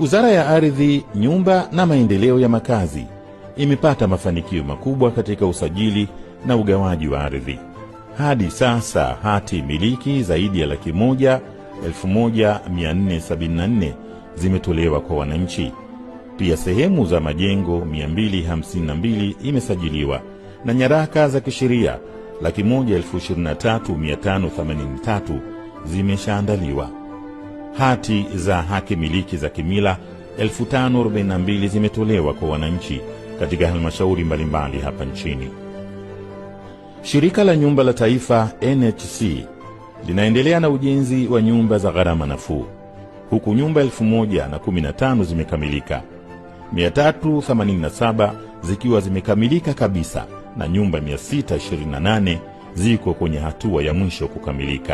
Wizara ya Ardhi, Nyumba na Maendeleo ya Makazi imepata mafanikio makubwa katika usajili na ugawaji wa ardhi. Hadi sasa hati miliki zaidi ya laki moja nne zimetolewa kwa wananchi. Pia sehemu za majengo 252 imesajiliwa na nyaraka za kisheria laki moja tatu zimeshaandaliwa hati za haki miliki za kimila 1542 zimetolewa kwa wananchi katika halmashauri mbalimbali hapa nchini. Shirika la Nyumba la Taifa NHC linaendelea na ujenzi wa nyumba za gharama nafuu huku nyumba 1015 zimekamilika, 387 zikiwa zimekamilika kabisa na nyumba 628 ziko kwenye hatua ya mwisho kukamilika.